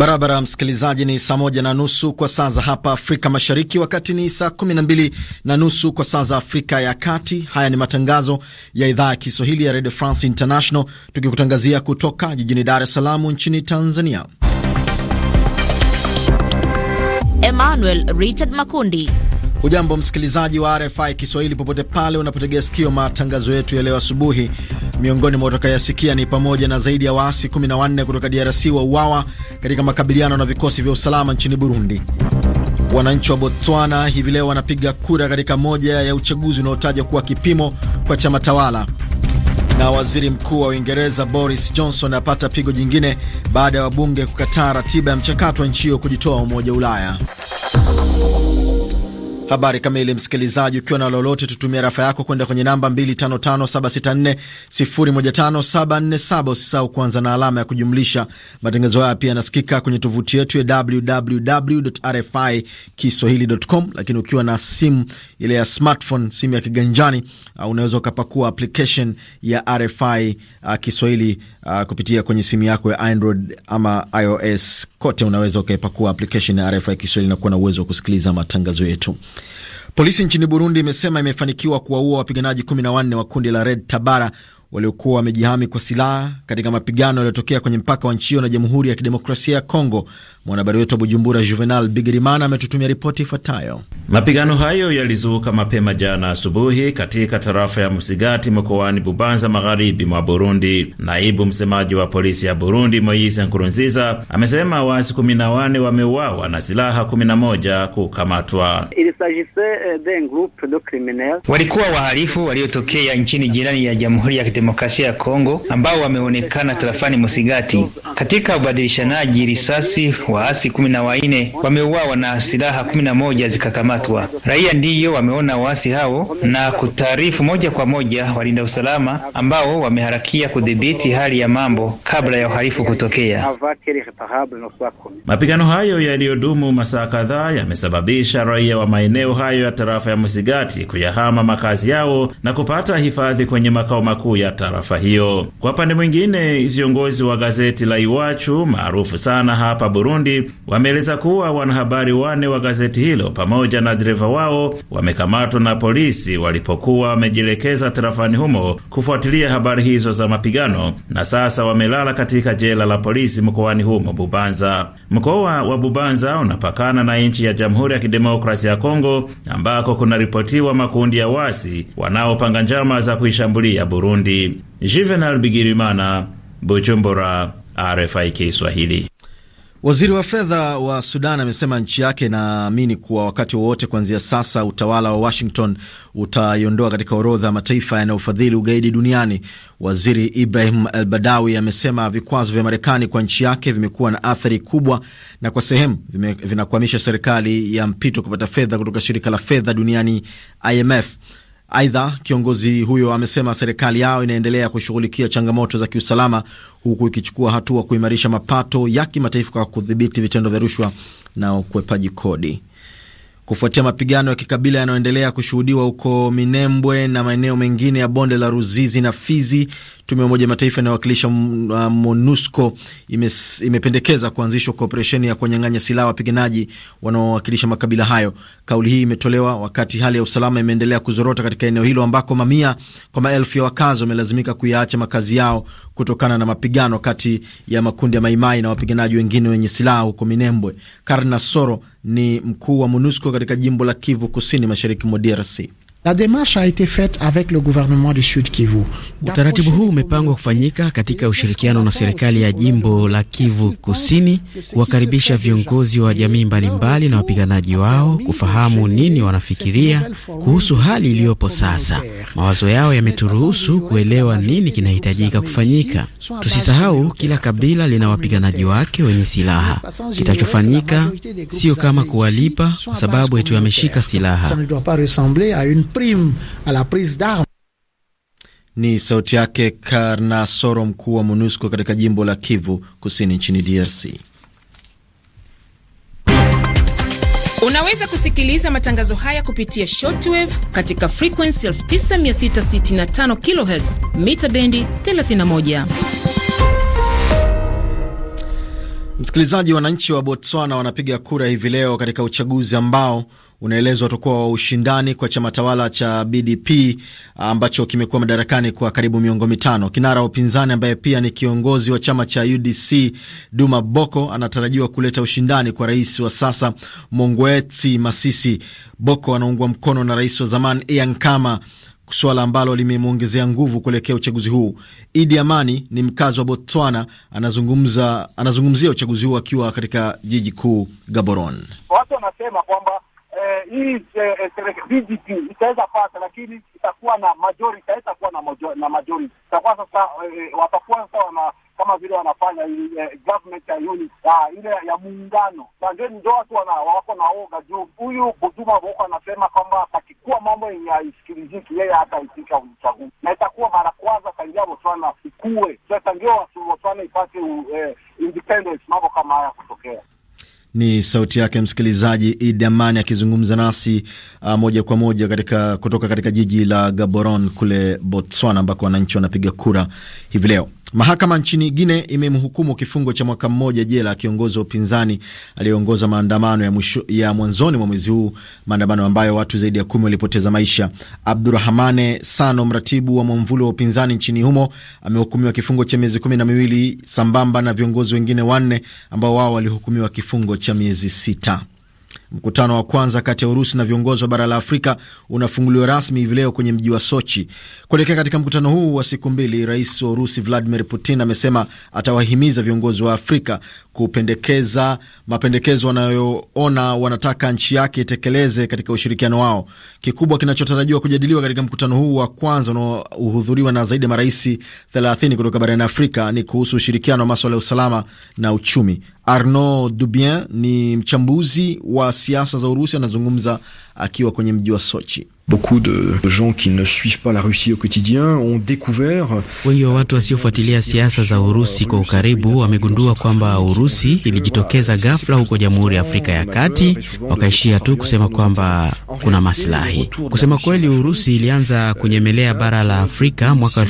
Barabara msikilizaji, ni saa moja na nusu kwa saa za hapa Afrika Mashariki, wakati ni saa kumi na mbili na nusu kwa saa za Afrika ya Kati. Haya ni matangazo ya idhaa ya Kiswahili ya Radio France International, tukikutangazia kutoka jijini Dar es Salaam nchini Tanzania. Emmanuel Richard Makundi ujambo msikilizaji wa RFI Kiswahili popote pale unapotegea sikio matangazo yetu ya leo asubuhi. Miongoni mwa utakayasikia ni pamoja na zaidi ya waasi 14 kutoka DRC wa uawa katika makabiliano na vikosi vya usalama nchini Burundi. Wananchi wa Botswana hivi leo wanapiga kura katika moja ya uchaguzi unaotaja kuwa kipimo kwa chama tawala. Na waziri mkuu wa Uingereza Boris Johnson apata pigo jingine baada ya wabunge kukataa ratiba ya mchakato wa nchi hiyo kujitoa umoja Ulaya. Habari kamili, msikilizaji, ukiwa na lolote, tutumia rafa yako kwenda kwenye namba 255764015747. Usisahau kuanza na alama ya kujumlisha. Matangazo haya pia yanasikika kwenye tovuti yetu ya www.rfikiswahili.com, lakini ukiwa na simu ile ya smartphone, simu ya kiganjani, uh, unaweza ukapakua application ya RFI uh, Kiswahili uh, kupitia kwenye simu yako ya Android ama iOS, kote unaweza ukaipakua application ya RFI Kiswahili na kuwa na uwezo wa kusikiliza matangazo yetu. Polisi nchini Burundi imesema imefanikiwa kuwaua wapiganaji 14 wa kundi la Red Tabara waliokuwa wamejihami kwa silaha katika mapigano yaliyotokea kwenye mpaka wa nchi hiyo na Jamhuri ya Kidemokrasia ya Kongo, Mwanahabari wetu wa Bujumbura, Juvenal Bigirimana, ametutumia ripoti ifuatayo. Mapigano hayo yalizuka mapema jana asubuhi katika tarafa ya Msigati mkoani Bubanza, magharibi mwa Burundi. Naibu msemaji wa polisi ya Burundi, Moise Nkurunziza, amesema waasi kumi na wane wameuawa na silaha kumi na moja kukamatwa. Eh, Walikuwa wahalifu waliotokea nchini jirani ya Jamhuri ya Kidemokrasia ya Kongo ambao wameonekana tarafani Msigati katika ubadilishanaji risasi wa waasi kumi na wanne wameuawa na silaha kumi na moja zikakamatwa. Raia ndiyo wameona waasi hao na kutaarifu moja kwa moja walinda usalama ambao wameharakia kudhibiti hali ya mambo kabla ya uhalifu kutokea. Mapigano hayo yaliyodumu masaa kadhaa yamesababisha raia wa maeneo hayo ya tarafa ya Mwisigati kuyahama makazi yao na kupata hifadhi kwenye makao makuu ya tarafa hiyo. Kwa upande mwingine, viongozi wa gazeti la Iwachu maarufu sana hapa Burundi Burundi wameeleza kuwa wanahabari wane wa gazeti hilo pamoja na dereva wao wamekamatwa na polisi walipokuwa wamejielekeza tarafani humo kufuatilia habari hizo za mapigano na sasa wamelala katika jela la polisi mkoani humo Bubanza. Mkoa wa Bubanza unapakana na nchi ya Jamhuri ya Kidemokrasia ya Kongo ambako kunaripotiwa makundi ya wasi wanaopanga njama za kuishambulia Burundi. Juvenal Bigirimana, Bujumbura, RFI Kiswahili. Waziri wa fedha wa Sudan amesema nchi yake inaamini kuwa wakati wowote kuanzia sasa utawala wa Washington utaiondoa katika orodha ya mataifa yanayofadhili ugaidi duniani. Waziri Ibrahim Al Badawi amesema vikwazo vya Marekani kwa nchi yake vimekuwa na athari kubwa na kwa sehemu vinakwamisha serikali ya mpito kupata fedha kutoka shirika la fedha duniani IMF. Aidha, kiongozi huyo amesema serikali yao inaendelea kushughulikia changamoto za kiusalama huku ikichukua hatua kuimarisha mapato ya kimataifa kwa kudhibiti vitendo vya rushwa na ukwepaji kodi kufuatia mapigano ya kikabila yanayoendelea kushuhudiwa huko Minembwe na maeneo mengine ya bonde la Ruzizi na Fizi. Tume ya Umoja Mataifa inayowakilisha uh, MONUSCO ime, imependekeza kuanzishwa kwa operesheni ya kuwanyang'anya silaha wapiganaji wanaowakilisha makabila hayo. Kauli hii imetolewa wakati hali ya usalama imeendelea kuzorota katika eneo hilo ambako mamia kwa maelfu ya wakazi wamelazimika kuyaacha makazi yao kutokana na mapigano kati ya makundi ya Maimai na wapiganaji wengine wenye silaha huko Minembwe. Karna Soro ni mkuu wa MONUSCO katika jimbo la Kivu Kusini, mashariki mwa DRC. La démarche a été faite avec le gouvernement du Sud Kivu. Utaratibu huu umepangwa kufanyika katika ushirikiano na serikali ya jimbo la Kivu Kusini, kuwakaribisha viongozi wa jamii mbalimbali na wapiganaji wao, kufahamu nini wanafikiria kuhusu hali iliyopo sasa. Mawazo yao yameturuhusu kuelewa nini kinahitajika kufanyika. Tusisahau, kila kabila lina wapiganaji wake wenye silaha. Kitachofanyika sio kama kuwalipa, kwa sababu eti wameshika silaha prime à la prise d'armes. Ni sauti yake Karnasoro, mkuu wa MONUSCO katika jimbo la Kivu Kusini nchini DRC. Unaweza kusikiliza matangazo haya kupitia shortwave katika frequency 9665 kHz mita bendi 31. Msikilizaji, wananchi wa Botswana wanapiga kura hivi leo katika uchaguzi ambao unaelezwa utakuwa wa ushindani kwa chama tawala cha BDP ambacho kimekuwa madarakani kwa karibu miongo mitano. Kinara wa upinzani ambaye pia ni kiongozi wa chama cha UDC Duma Boko anatarajiwa kuleta ushindani kwa rais wa sasa Mongwetsi Masisi. Boko anaungwa mkono na rais wa zamani Ian Kama, suala ambalo limemwongezea nguvu kuelekea uchaguzi huu. Idi Amani ni mkazi wa Botswana, anazungumza, anazungumzia uchaguzi huu akiwa katika jiji kuu Gaborone. Watu wanasema kwamba hii BDP eh, eh, itaweza pata, lakini itakuwa na majority, haitakuwa na majority, itakuwa sasa, eh, watakuwa sasa wana kama vile wanafanya government ya unit ile ya muungano, ndio ndio watu wako na oga juu huyu Butuma Boko anasema kwamba atakikuwa mambo yenye haisikiliziki, yeye hata itika uchaguzi na itakuwa mara kwanza tangia Botswana ikue sasa, ndio watu Botswana ipate independence, mambo kama haya kutokea. Ni sauti yake msikilizaji Idi Amani akizungumza nasi uh, moja kwa moja katika, kutoka katika jiji la Gaborone kule Botswana ambako wananchi wanapiga kura hivi leo. Mahakama nchini Guine imemhukumu kifungo cha mwaka mmoja jela kiongozi wa upinzani aliyeongoza maandamano ya, mwisho, ya mwanzoni mwa mwezi huu, maandamano ambayo watu zaidi ya kumi walipoteza maisha. Abdurahmane Sano, mratibu wa mwamvuli wa upinzani nchini humo, amehukumiwa kifungo cha miezi kumi na miwili sambamba na viongozi wengine wanne ambao wao walihukumiwa kifungo cha miezi sita. Mkutano wa kwanza kati ya Urusi na viongozi wa bara la Afrika unafunguliwa rasmi hivi leo kwenye mji wa Sochi. Kuelekea katika mkutano huu wa siku mbili, rais wa Urusi Vladimir Putin amesema atawahimiza viongozi wa Afrika kupendekeza mapendekezo wanayoona wanataka nchi yake itekeleze katika ushirikiano wao. Kikubwa kinachotarajiwa kujadiliwa katika mkutano huu wa kwanza unaohudhuriwa na zaidi ya maraisi 30 kutoka barani Afrika ni kuhusu ushirikiano wa maswala ya usalama na uchumi. Arnaud Dubien ni mchambuzi wa siasa za Urusi anazungumza akiwa kwenye mji wa Sochi beaucoup de gens qui ne suivent pas la Russie au quotidien ont découvert. Wengi wa watu wasiofuatilia euh, siasa za Urusi kwa ukaribu wamegundua kwamba Urusi ilijitokeza ghafla huko Jamhuri ya Afrika ya Kati, wakaishia tu kusema kwamba kuna maslahi. Kusema kweli, Urusi ilianza kunyemelea bara la Afrika mwaka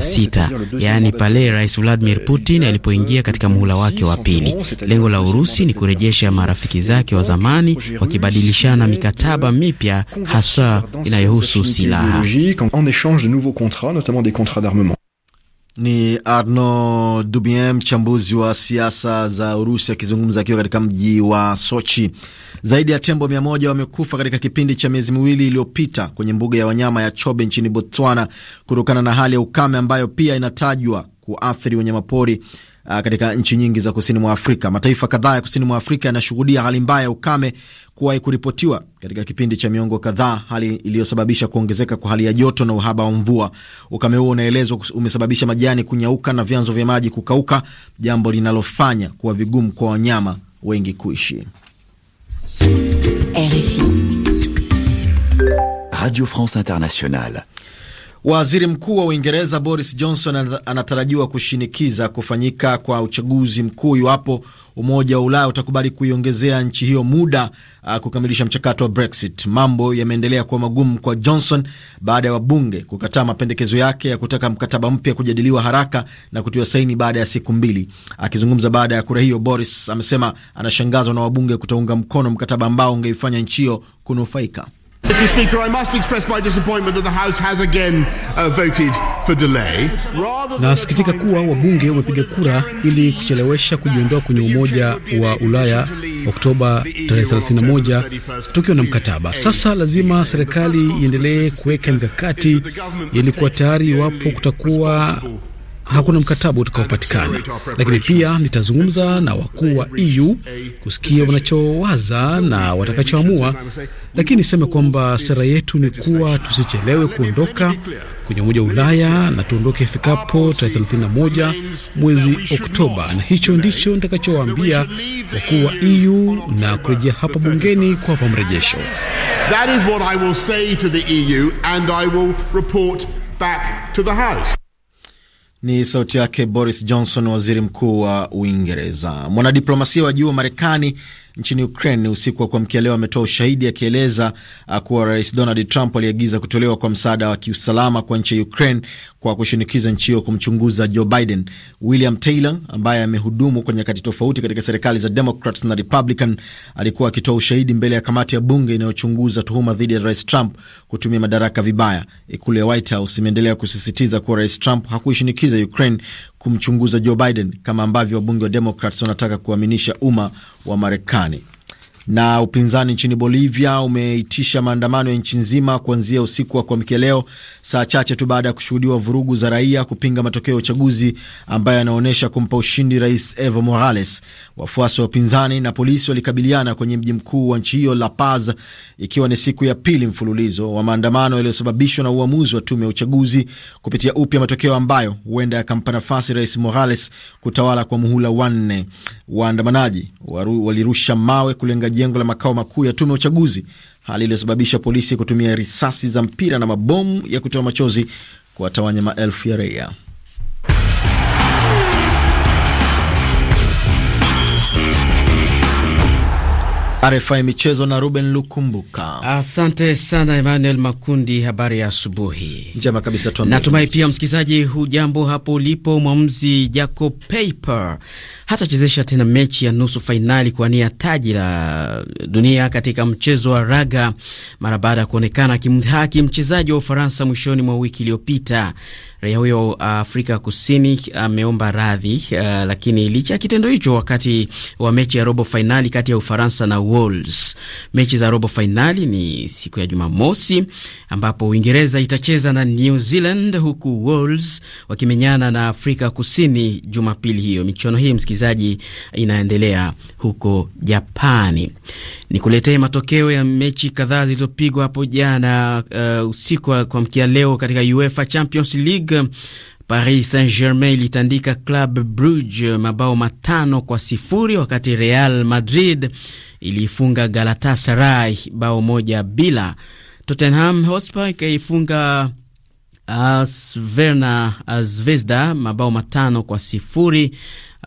sita yaani pale Rais Vladimir Putin alipoingia katika muhula wake wa pili. Lengo la Urusi ni kurejesha marafiki zake wa zamani, wakibadilishana mikataba mipya hasa inayohusu silaha en échange de nouveaux contrats notamment des contrats d'armement. Ni Arno Dubien, mchambuzi wa siasa za Urusi, akizungumza akiwa katika mji wa Sochi. Zaidi ya tembo mia moja wamekufa katika kipindi cha miezi miwili iliyopita kwenye mbuga ya wanyama ya Chobe nchini Botswana kutokana na hali ya ukame ambayo pia inatajwa kuathiri wanyamapori uh, katika nchi nyingi za kusini mwa Afrika. Mataifa kadhaa ya kusini mwa Afrika yanashuhudia hali mbaya ya ukame kuwahi kuripotiwa katika kipindi cha miongo kadhaa, hali iliyosababisha kuongezeka kwa hali ya joto na uhaba wa mvua. Ukame huo unaelezwa umesababisha majani kunyauka na vyanzo vya maji kukauka, jambo linalofanya kuwa vigumu kwa wanyama wengi kuishi. RFI Radio France Internationale. Waziri Mkuu wa Uingereza Boris Johnson anatarajiwa kushinikiza kufanyika kwa uchaguzi mkuu iwapo Umoja wa Ulaya utakubali kuiongezea nchi hiyo muda uh, kukamilisha mchakato wa Brexit. Mambo yameendelea kuwa magumu kwa Johnson baada ya wabunge kukataa mapendekezo yake ya kutaka mkataba mpya kujadiliwa haraka na kutiwa saini baada ya siku mbili. Akizungumza baada ya kura hiyo, Boris amesema anashangazwa na wabunge kutounga mkono mkataba ambao ungeifanya nchi hiyo kunufaika. Mr. Speaker, I must express my disappointment that the House has again uh, voted for delay. Nasikitika kuwa wabunge wamepiga kura ili kuchelewesha kujiondoa kwenye Umoja wa Ulaya Oktoba 31 tukiwa na mkataba. Sasa lazima serikali iendelee kuweka mikakati ili kuwa tayari iwapo kutakuwa hakuna mkataba utakaopatikana, lakini pia nitazungumza na wakuu wa EU kusikia wanachowaza na watakachoamua. Lakini niseme kwamba sera yetu ni kuwa tusichelewe kuondoka kwenye Umoja wa Ulaya na tuondoke ifikapo tarehe 31 mwezi Oktoba, na hicho ndicho nitakachowaambia wakuu wa EU na kurejea hapa bungeni kuwapa mrejesho. That is what I will say to the EU and I will report back to the House. Ni sauti yake Boris Johnson, waziri mkuu wa Uingereza. Mwanadiplomasia wa juu wa Marekani nchini Ukraine usiku wa kuamkia leo ametoa ushahidi akieleza uh, kuwa Rais Donald Trump aliagiza kutolewa kwa msaada wa kiusalama kwa nchi ya Ukraine kwa kushinikiza nchi hiyo kumchunguza Joe Biden. William Taylor ambaye amehudumu kwa nyakati tofauti katika serikali za Democrats na Republican alikuwa akitoa ushahidi mbele ya kamati ya bunge inayochunguza tuhuma dhidi ya Rais Trump kutumia madaraka vibaya. Ikulu ya White House imeendelea kusisitiza kuwa Rais Trump hakuishinikiza Ukraine kumchunguza Joe Biden kama ambavyo wabunge wa Democrats wanataka kuaminisha umma wa Marekani. Na upinzani nchini Bolivia umeitisha maandamano ya nchi nzima kuanzia usiku wa kuamkia leo, saa chache tu baada ya kushuhudiwa vurugu za raia kupinga matokeo ya uchaguzi ambayo yanaonyesha kumpa ushindi Rais Evo Morales. Wafuasi wa upinzani na polisi walikabiliana kwenye mji mkuu wa nchi hiyo La Paz, ikiwa ni siku ya pili mfululizo wa maandamano yaliyosababishwa na uamuzi wa tume ya uchaguzi kupitia upya matokeo ambayo huenda yakampa nafasi Rais Morales kutawala kwa muhula wanne. Waandamanaji walirusha mawe kulenga jengo la makao makuu ya tume ya uchaguzi, hali iliyosababisha polisi kutumia risasi za mpira na mabomu ya kutoa machozi kuwatawanya maelfu ya raia. RFI Michezo na Ruben Lukumbuka. Asante sana Emmanuel Makundi, habari ya asubuhi. Njema kabisa tuambie. Natumai pia msikilizaji, hujambo hapo ulipo. Mwamuzi Jacob Peiper hatachezesha tena mechi ya nusu fainali kuwania taji la dunia katika mchezo wa raga mara baada ya kuonekana akimdhaki mchezaji wa Ufaransa mwishoni mwa wiki iliyopita. Raia huyo Afrika Kusini ameomba radhi, uh, lakini licha ya kitendo hicho wakati wa mechi ya robo fainali kati ya Ufaransa na Wolves. Mechi za robo fainali ni siku ya Jumamosi ambapo Uingereza itacheza na New Zealand huku Wolves wakimenyana na Afrika Kusini Jumapili hiyo. Michuano hii msikilizaji, inaendelea huko Japani. Nikuletee matokeo ya mechi kadhaa zilizopigwa hapo jana uh, usiku wa kuamkia leo katika UEFA Champions League Paris Saint-Germain ilitandika Club Brugge mabao matano kwa sifuri wakati Real Madrid iliifunga Galatasaray bao moja bila. Tottenham Hotspur ikaifunga Sverna Zvezda mabao matano kwa sifuri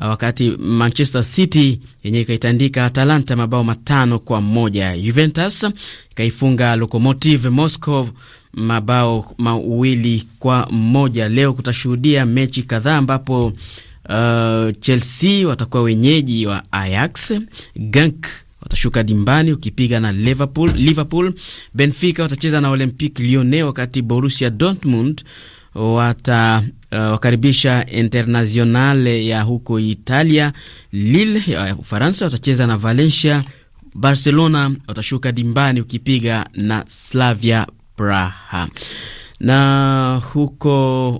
wakati Manchester City yenye ikaitandika Atalanta mabao matano kwa moja. Juventus ikaifunga Lokomotiv Moscow mabao mawili kwa moja. Leo kutashuhudia mechi kadhaa ambapo uh, Chelsea watakuwa wenyeji wa Ajax, Genk watashuka dimbani ukipiga na Liverpool, Liverpool. Benfica watacheza na Olympique Lyonnais, wakati Borussia Dortmund wata uh, wakaribisha Internazionale ya huko Italia. Lille ya Ufaransa watacheza na Valencia. Barcelona watashuka dimbani ukipiga na Slavia Praha. Na huko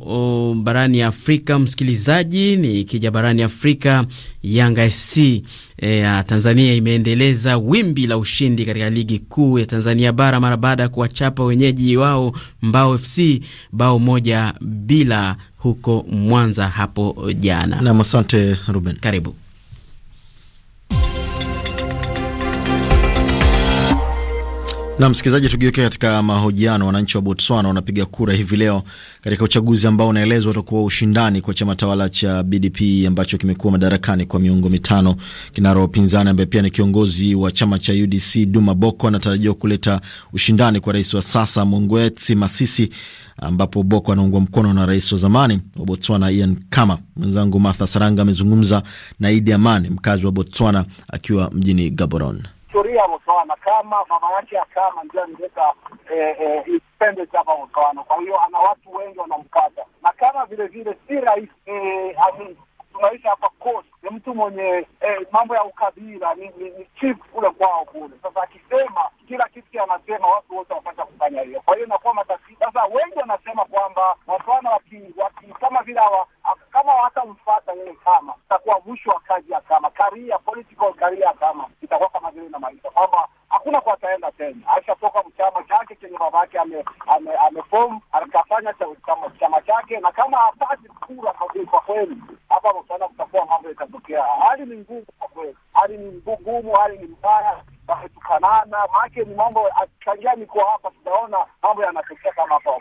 o, barani Afrika, msikilizaji, ni kija barani Afrika, Yanga SC e, ya e, Tanzania imeendeleza wimbi la ushindi katika ligi kuu ya Tanzania bara mara baada ya kuwachapa wenyeji wao Mbao FC bao moja bila huko Mwanza hapo jana. Na asante Ruben. Karibu. Na msikilizaji, tugiweke katika mahojiano. Wananchi wa Botswana wanapiga kura hivi leo katika uchaguzi ambao unaelezwa utakuwa ushindani kwa chama tawala cha BDP ambacho kimekuwa madarakani kwa miongo mitano. Kinara wa upinzani ambaye pia ni kiongozi wa chama cha UDC Duma Boko anatarajiwa kuleta ushindani kwa rais wa sasa Mongwetsi Masisi, ambapo Boko anaungwa mkono na rais wa zamani wa Botswana Ian Khama. Mwenzangu Martha Saranga amezungumza na Idi Amani, mkazi wa Botswana akiwa mjini Gaborone historia Botswana kama mama yake akama ndio alileta kipende eh, eh, cha Botswana. Kwa hiyo ana watu wengi wanamkata, na kama vile vile si rais tunaisha eh, hapa Coast, ni mtu mwenye mambo ya ukabila, ni chief kule kwao kule. Sasa akisema kila kitu anasema, watu wote wapata kufanya hiyo, kwa hiyo inakuwa matatizo. Sasa wengi wanasema kwamba Botswana waki kama vile hawa ambao hatamfuata yeye kama itakuwa mwisho wa kazi ya kama karia political career kama itakuwa kama vile na maisha kwamba hakuna kwa ataenda tena, ashatoka mchama chake chenye baba yake amefom akafanya chama chake, na kama hapati kura kwa kweli, hapa mtaona kutakuwa mambo itatokea. Hali ni ngumu kwa kweli, hali ni ngumu, hali ni mbaya tukanana maake ni mambo tangia niko hapa, tunaona mambo yanatokea kama hapa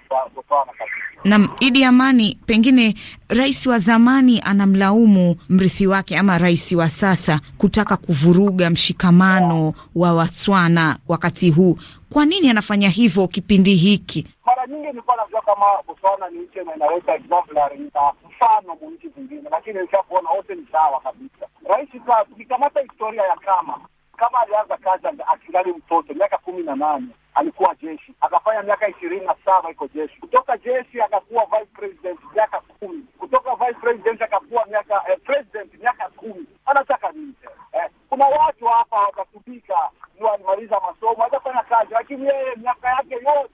na Idi Amani, pengine rais wa zamani anamlaumu mrithi wake ama rais wa sasa kutaka kuvuruga mshikamano wa Watswana wakati huu. Kwa nini anafanya hivyo kipindi hiki? Mara nyingi nilikuwa najua kama Botswana ni nchi inaweka exemplary na mfano mu nchi zingine, lakini nilisha kuona wote ni sawa kabisa. Rais tukikamata historia ya kama kama alianza kazi akilali mtoto miaka kumi na nane alikuwa jeshi, akafanya miaka ishirini na saba iko jeshi. Kutoka jeshi akakuwa vice president miaka kumi, kutoka vice president akakuwa miaka eh, president miaka kumi. Anataka nini eh? Kuna watu hapa watatumika, mtu alimaliza masomo, atafanya kazi, lakini yeye miaka yake yote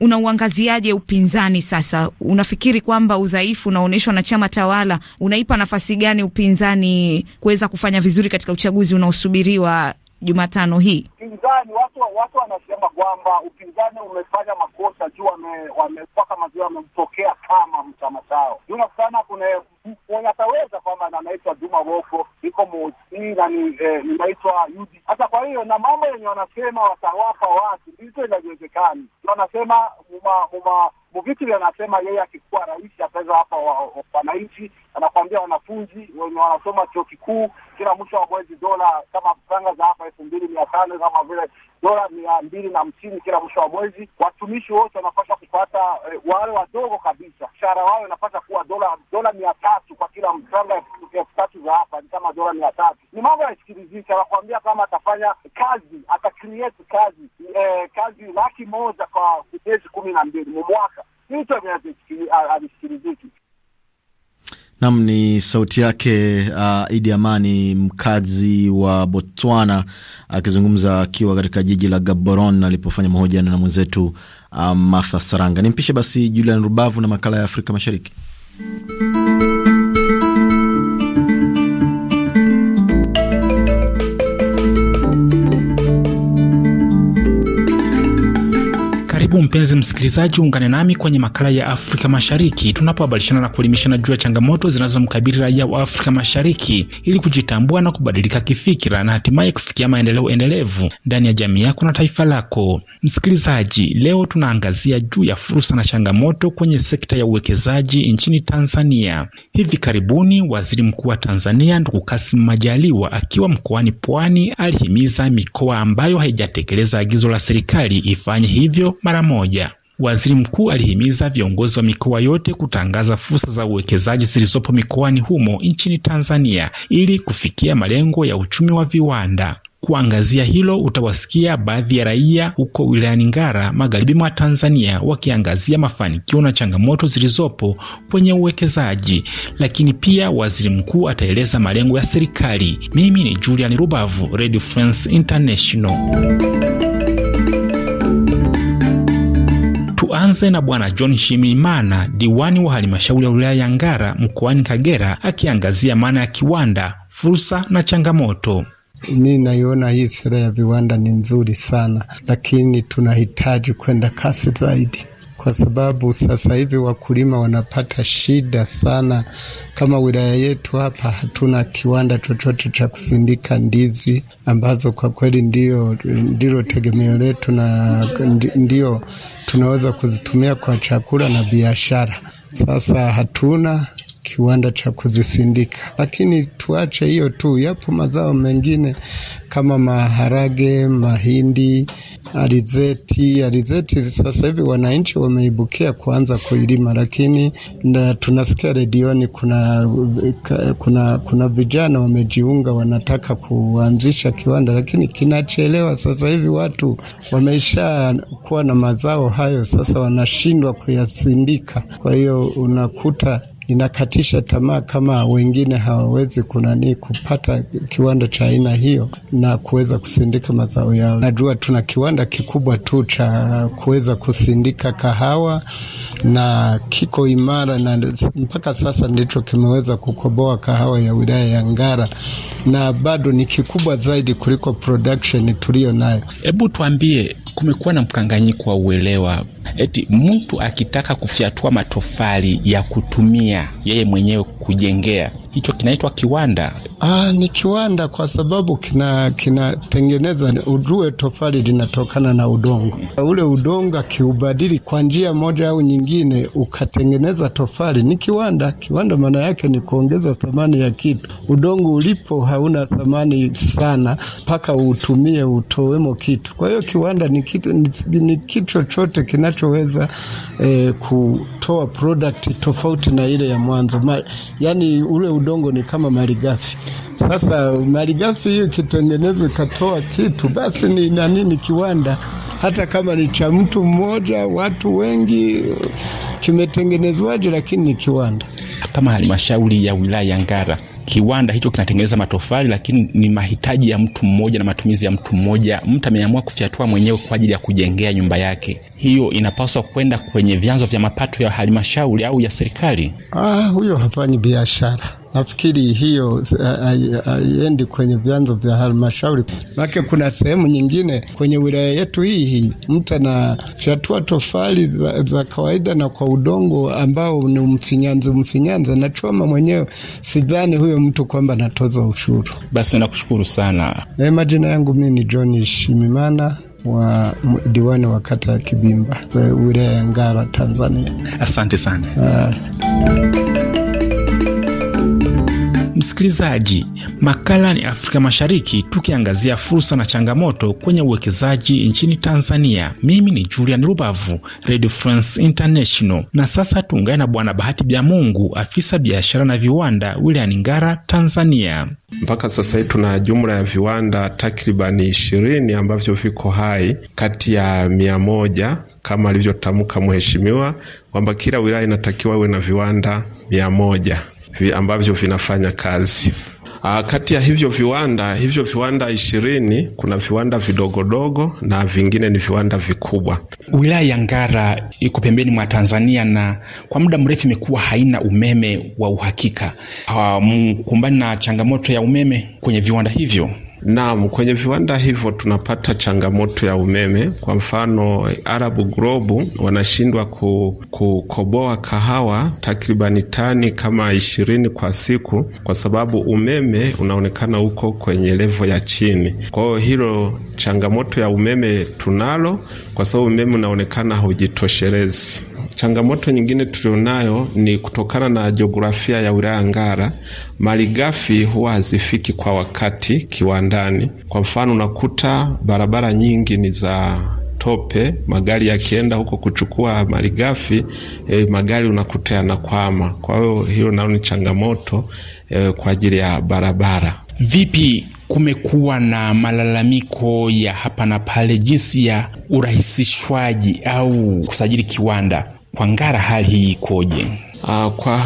unauangaziaje upinzani sasa? Unafikiri kwamba udhaifu unaonyeshwa na chama tawala unaipa nafasi gani upinzani kuweza kufanya vizuri katika uchaguzi unaosubiriwa Jumatano hii? Upinzani, watu watu wanasema kwamba upinzani umefanya makosa juu wamepaka maziwa, wamemtokea kama mchama chao. Juu sana kuna mwenye ataweza kwamba anaitwa Juma Woko niko Musinga, eh, ninaitwa Yudi. Hata kwa hiyo na mambo yenye wanasema watawapa watu ndizo inavyowezekani, wanasema muma muviti anasema yeye akikuwa rais ataweza hapa wananchi, anakwambia wanafunzi wenye wanasoma chuo kikuu kila mwisho wa mwezi dola kama franga za hapa elfu mbili mia tano kama vile dola mia mbili na hamsini kila mwisho wa mwezi. Watumishi wote wanapasha kupata e, wale wadogo kabisa mshahara wao inapasha kuwa dola dola mia tatu kwa kila elfu elfu tatu za hapa ni kama dola mia tatu ni mambo yanasikilizika. Anakuambia kama atafanya kazi ata create kazi eh, kazi laki moja kwa miezi kumi na mbili mwaka hicho havisikiliziki. Nam ni sauti yake uh, Idi Amani, mkazi wa Botswana, akizungumza uh, akiwa katika jiji la Gaborone alipofanya mahojiano na mwenzetu uh, Martha Saranga. Nimpishe basi Julian Rubavu na makala ya Afrika Mashariki. Karibu mpenzi msikilizaji, ungane nami kwenye makala ya Afrika Mashariki tunapobadilishana na kuelimishana juu ya changamoto zinazomkabili raia wa Afrika Mashariki ili kujitambua na kubadilika kifikira na hatimaye kufikia maendeleo endelevu ndani ya jamii yako na taifa lako. Msikilizaji, leo tunaangazia juu ya fursa na changamoto kwenye sekta ya uwekezaji nchini Tanzania. Hivi karibuni Waziri Mkuu wa Tanzania Ndugu kasimu Majaliwa akiwa mkoani Pwani alihimiza mikoa ambayo haijatekeleza agizo la serikali ifanye hivyo mara mara moja. Waziri mkuu alihimiza viongozi wa mikoa yote kutangaza fursa za uwekezaji zilizopo mikoani humo nchini Tanzania ili kufikia malengo ya uchumi wa viwanda. Kuangazia hilo utawasikia baadhi ya raia huko wilayani Ngara, magharibi mwa Tanzania, wakiangazia mafanikio na changamoto zilizopo kwenye uwekezaji, lakini pia waziri mkuu ataeleza malengo ya serikali. Mimi ni Julian Rubavu, Radio France International. Tuanze na Bwana John Shimimana, diwani wa halmashauri ya wilaya ya Ngara mkoani Kagera, akiangazia maana ya kiwanda, fursa na changamoto. Mi naiona hii sera ya viwanda ni nzuri sana, lakini tunahitaji kwenda kasi zaidi kwa sababu sasa hivi wakulima wanapata shida sana. Kama wilaya yetu hapa, hatuna kiwanda chochote cha kusindika ndizi ambazo kwa kweli ndio ndilo tegemeo letu na ndio tunaweza kuzitumia kwa chakula na biashara. Sasa hatuna kiwanda cha kuzisindika. Lakini tuache hiyo tu, yapo mazao mengine kama maharage, mahindi, alizeti. Alizeti sasa hivi wananchi wameibukia kuanza kuilima, lakini na tunasikia redioni kuna kuna kuna vijana wamejiunga, wanataka kuanzisha kiwanda, lakini kinachelewa. Sasa hivi watu wameisha kuwa na mazao hayo, sasa wanashindwa kuyasindika, kwa hiyo unakuta inakatisha tamaa kama wengine hawawezi kunani kupata kiwanda cha aina hiyo na kuweza kusindika mazao yao. Najua tuna kiwanda kikubwa tu cha kuweza kusindika kahawa na kiko imara, na mpaka sasa ndicho kimeweza kukoboa kahawa ya wilaya ya Ngara, na bado ni kikubwa zaidi kuliko production tuliyo nayo. Hebu tuambie kumekuwa na mkanganyiko wa uelewa, eti mtu akitaka kufyatua matofali ya kutumia yeye mwenyewe kujengea hicho kinaitwa kiwanda? Ah, ni kiwanda kwa sababu kina kinatengeneza tofali linatokana na udongo. Ule udongo akiubadili kwa njia moja au nyingine ukatengeneza tofali, ni kiwanda. Kiwanda maana yake ni kuongeza thamani ya kitu. Udongo ulipo hauna thamani sana mpaka utumie utowemo kitu. Kwa hiyo kiwanda ni kitu ni, ni kitu chochote kinachoweza eh, kutoa product tofauti na ile ya mwanzo. Yaani ule udongo ni kama malighafi. Sasa malighafi hiyo ikitengenezwa ikatoa kitu, basi ni na nini kiwanda, hata kama ni cha mtu mmoja, watu wengi, kimetengenezwaje, lakini ni kiwanda. Kama halmashauri ya wilaya ya Ngara, kiwanda hicho kinatengeneza matofali, lakini ni mahitaji ya mtu mmoja na matumizi ya mtu mmoja. Mtu ameamua kufyatua mwenyewe kwa ajili ya kujengea nyumba yake, hiyo inapaswa kwenda kwenye vyanzo vya mapato ya halmashauri au ya serikali. Ah, huyo hafanyi biashara nafikiri hiyo eh, haiendi kwenye vyanzo vya halmashauri, make kuna sehemu nyingine kwenye wilaya yetu hii hii mtu anafyatua tofali za, za kawaida na kwa udongo ambao ni mfinyanzi mfinyanzi nachoma mwenyewe. Sidhani huyo mtu kwamba anatoza ushuru. Basi nakushukuru sana. E, majina yangu mi ni John Shimimana wa diwani wa kata ya Kibimba e, wilaya ya Ngara, Tanzania. Asante sana. Aa. Ah. Msikilizaji, makala ni Afrika Mashariki, tukiangazia fursa na changamoto kwenye uwekezaji nchini Tanzania. Mimi ni Julian Rubavu, Radio France International. Na sasa tuungane na Bwana Bahati Bya Mungu, afisa biashara na viwanda wiliani Ngara, Tanzania. Mpaka sasa hii tuna jumla ya viwanda takribani ishirini ambavyo viko hai kati ya mia moja kama alivyotamka mheshimiwa kwamba kila wilaya inatakiwa iwe na viwanda mia moja ambavyo vinafanya kazi. Aa, ah, kati ya hivyo viwanda hivyo viwanda ishirini kuna viwanda vidogodogo na vingine ni viwanda vikubwa. Wilaya ya Ngara iko pembeni mwa Tanzania na kwa muda mrefu imekuwa haina umeme wa uhakika. Ah, Mkumbani na changamoto ya umeme kwenye viwanda hivyo Naam, kwenye viwanda hivyo tunapata changamoto ya umeme. Kwa mfano, Arab Globe wanashindwa kukoboa kahawa takribani tani kama ishirini kwa siku, kwa sababu umeme unaonekana uko kwenye levo ya chini. Kwa hiyo hilo changamoto ya umeme tunalo, kwa sababu umeme unaonekana haujitoshelezi. Changamoto nyingine tulionayo ni kutokana na jiografia ya wilaya Ngara, malighafi huwa hazifiki kwa wakati kiwandani. Kwa mfano, unakuta barabara nyingi ni za tope, magari yakienda huko kuchukua malighafi e, magari unakuta yanakwama. Kwa hiyo hilo nalo ni changamoto e, kwa ajili ya barabara. Vipi, kumekuwa na malalamiko ya hapa na pale jinsi ya urahisishwaji au kusajili kiwanda? Kwa Ngara hali hii ikoje? Uh, kwa,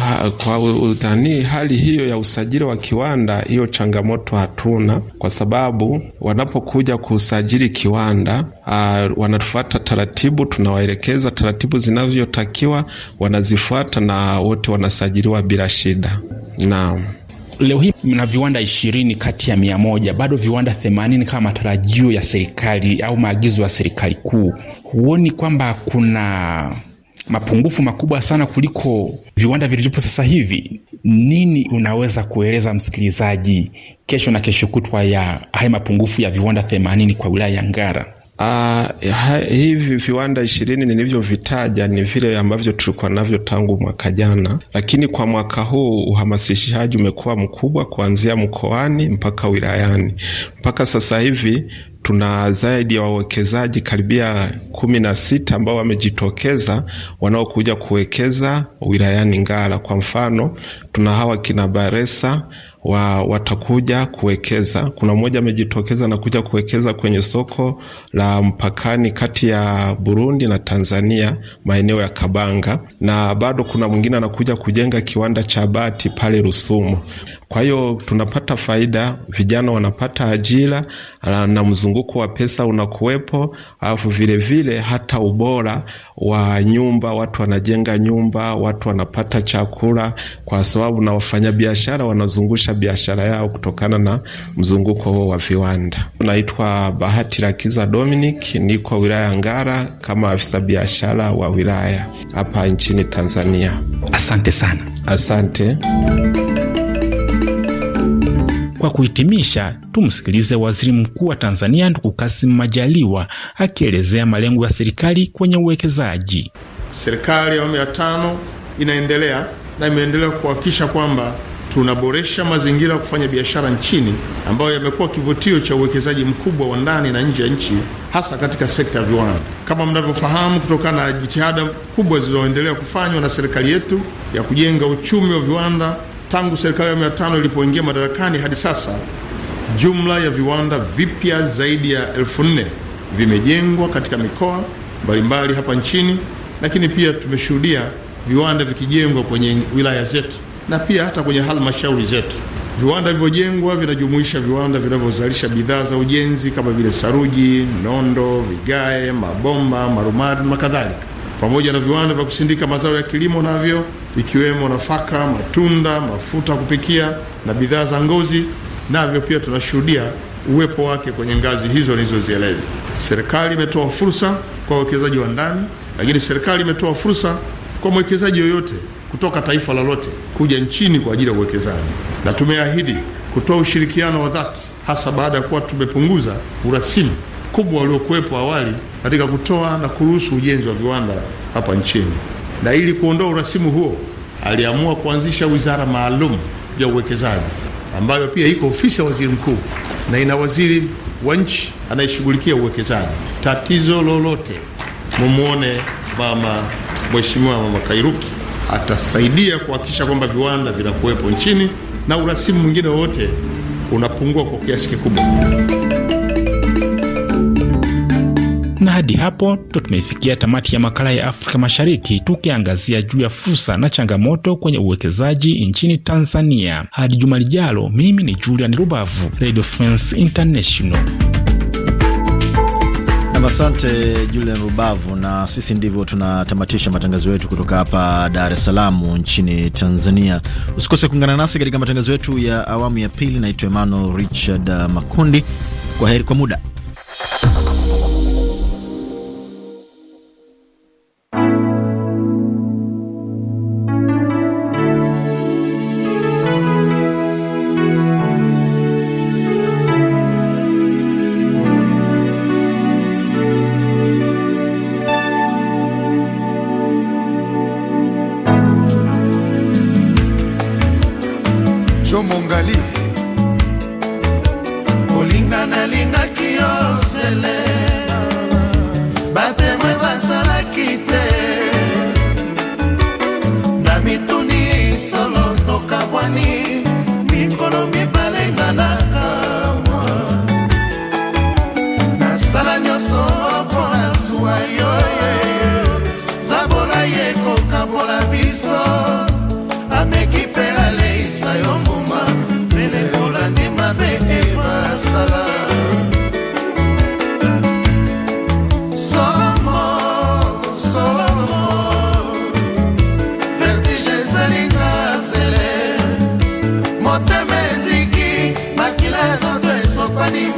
kwa udhani hali hiyo ya usajili wa kiwanda, hiyo changamoto hatuna, kwa sababu wanapokuja kusajili kiwanda uh, ah, wanafuata taratibu, tunawaelekeza taratibu zinavyotakiwa, wanazifuata na wote wanasajiliwa bila shida. Naam. Leo hii mna viwanda ishirini kati ya mia moja bado viwanda themanini kama matarajio ya serikali au maagizo ya serikali kuu, huoni kwamba kuna mapungufu makubwa sana kuliko viwanda vilivyopo sasa hivi. Nini unaweza kueleza msikilizaji kesho na kesho kutwa ya haya mapungufu ya viwanda 80 kwa wilaya ya Ngara? Uh, hivi viwanda ishirini nilivyovitaja ni vile ambavyo tulikuwa navyo tangu mwaka jana, lakini kwa mwaka huu uhamasishaji umekuwa mkubwa kuanzia mkoani mpaka wilayani. Mpaka sasa hivi tuna zaidi ya wawekezaji karibia kumi na sita ambao wamejitokeza wanaokuja kuwekeza wilayani Ngara. Kwa mfano, tuna hawa kina Baresa wa watakuja kuwekeza. Kuna mmoja amejitokeza na kuja kuwekeza kwenye soko la mpakani kati ya Burundi na Tanzania, maeneo ya Kabanga, na bado kuna mwingine anakuja kujenga kiwanda cha bati pale Rusumo. Kwa hiyo tunapata faida, vijana wanapata ajira, na mzunguko wa pesa unakuwepo, alafu vile vile hata ubora wa nyumba, watu wanajenga nyumba, watu wanapata chakula, kwa sababu na wafanyabiashara wanazungusha biashara yao kutokana na mzunguko huo wa viwanda. Naitwa Bahati Rakiza Dominic, niko wilaya Ngara kama afisa biashara wa wilaya hapa nchini Tanzania. Asante sana. Asante. Kwa kuhitimisha, tumsikilize Waziri Mkuu wa Tanzania ndugu Kassim Majaliwa akielezea malengo ya serikali kwenye uwekezaji. Serikali ya awamu ya tano inaendelea na imeendelea kuhakikisha kwamba tunaboresha mazingira ya kufanya biashara nchini ambayo yamekuwa kivutio cha uwekezaji mkubwa wa ndani na nje ya nchi hasa katika sekta ya viwanda. Kama mnavyofahamu, kutokana na jitihada kubwa zilizoendelea kufanywa na serikali yetu ya kujenga uchumi wa viwanda Tangu serikali ya awamu ya tano ilipoingia madarakani hadi sasa, jumla ya viwanda vipya zaidi ya elfu nne vimejengwa katika mikoa mbalimbali hapa nchini, lakini pia tumeshuhudia viwanda vikijengwa kwenye wilaya zetu na pia hata kwenye halmashauri zetu. Viwanda vilivyojengwa vinajumuisha viwanda vinavyozalisha bidhaa za ujenzi kama vile saruji, nondo, vigae, mabomba, marumaru na kadhalika, pamoja na viwanda vya kusindika mazao ya kilimo navyo na ikiwemo nafaka, matunda, mafuta kupikia na bidhaa za ngozi, navyo pia tunashuhudia uwepo wake kwenye ngazi hizo nilizozieleza. Serikali imetoa fursa kwa wawekezaji wa ndani, lakini serikali imetoa fursa kwa mwekezaji yoyote kutoka taifa lolote kuja nchini kwa ajili ya uwekezaji, na tumeahidi kutoa ushirikiano wa dhati, hasa baada ya kuwa tumepunguza urasimu kubwa uliokuwepo awali katika kutoa na kuruhusu ujenzi wa viwanda hapa nchini na ili kuondoa urasimu huo aliamua kuanzisha wizara maalum ya uwekezaji ambayo pia iko ofisi ya waziri mkuu na ina waziri wa nchi anayeshughulikia uwekezaji. Tatizo lolote mumwone mama Mheshimiwa Mama Kairuki atasaidia kuhakikisha kwamba viwanda vinakuwepo nchini na urasimu mwingine wowote unapungua kwa kiasi kikubwa. Na hadi hapo ndo tumeifikia tamati ya makala ya Afrika Mashariki, tukiangazia juu ya fursa na changamoto kwenye uwekezaji nchini Tanzania. Hadi juma lijalo, mimi ni Julian Rubavu, Radio France International. Asante Julian Rubavu. Na sisi ndivyo tunatamatisha matangazo yetu kutoka hapa Dar es Salaam nchini Tanzania. Usikose kuungana nasi katika matangazo yetu ya awamu ya pili. Naitwa Emmanuel Richard Makundi. Kwa heri kwa muda. mongali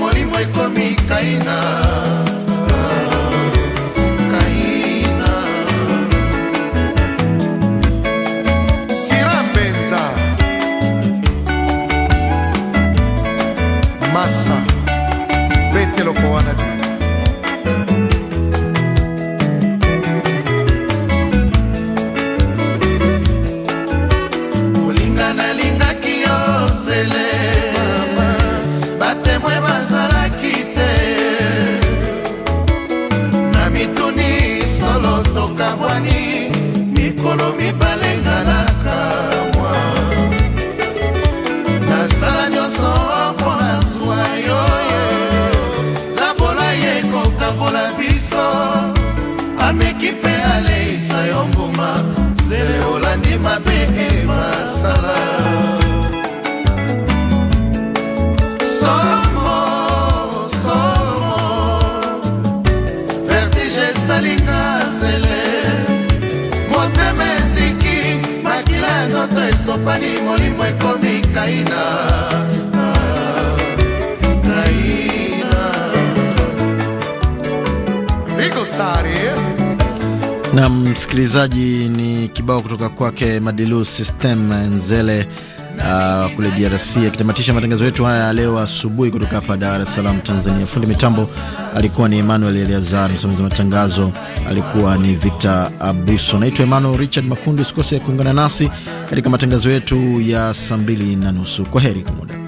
molimoi komi kaina sofani molimo ekomi kaina kaina eh? na msikilizaji, ni kibao kutoka kwake Madilu System Nzele Ah, kule DRC, akitamatisha matangazo yetu haya leo asubuhi kutoka hapa Dar es Salaam, Tanzania. Fundi mitambo alikuwa ni Emmanuel Eleazar, msimamizi wa matangazo alikuwa ni Victor Abuso. Naitwa Emmanuel Richard Makundi. Usikose kuungana nasi katika matangazo yetu ya saa mbili na nusu. Kwa heri kwa muda.